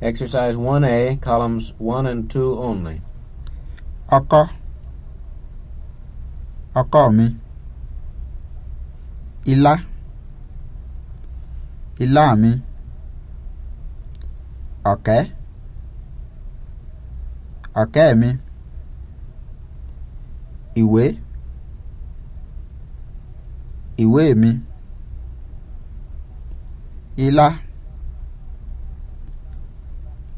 Exercise 1A, columns 1 and 2 only. Ọkọ. Ọkọ mi. Ilá. Ilá mi. Ọ̀kẹ́. Ọ̀kẹ́ mi. Ìwé. Ìwé mi. Ilá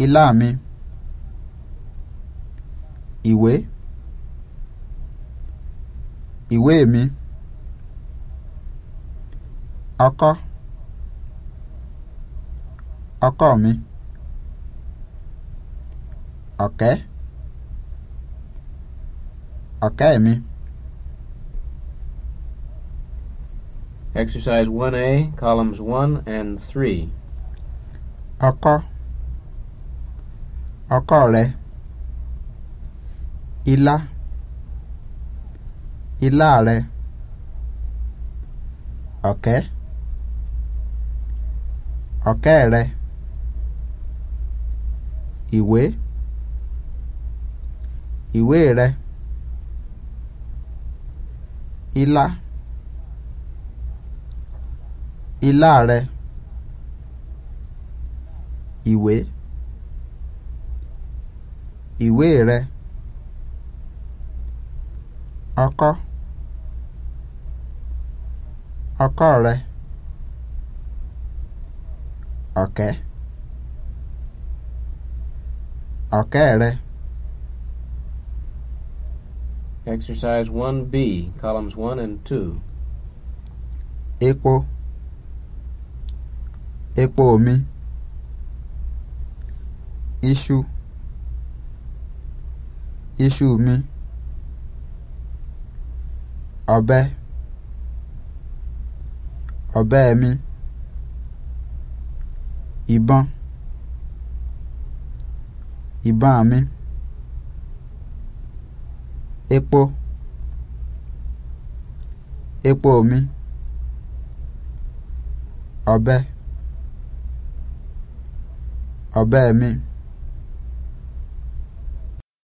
ilá mi ìwé ìwé mi ọkọ ọkọ mi ọ̀kẹ́ ọ̀kẹ́ mi. Exercise 1A, columns 1 and 3. Ọkọ. ọkọ rẹ ilá ilá rẹ ọ̀kẹ́ ọ̀kẹ́ rẹ ìwé ìwé rẹ ilá ilá rẹ ìwé. ìwé rẹ ọkọ ọkọ rẹ ọ̀kẹ́ ọ̀kẹ́ rẹ. Exercise 1B, columns 1 and 2. Epo. Epo me. Iṣu. iṣu mi ọ̀bẹ ọ̀bẹ mi ìbọn ìbọn mi epo epo mi ọ̀bẹ ọ̀bẹ mi.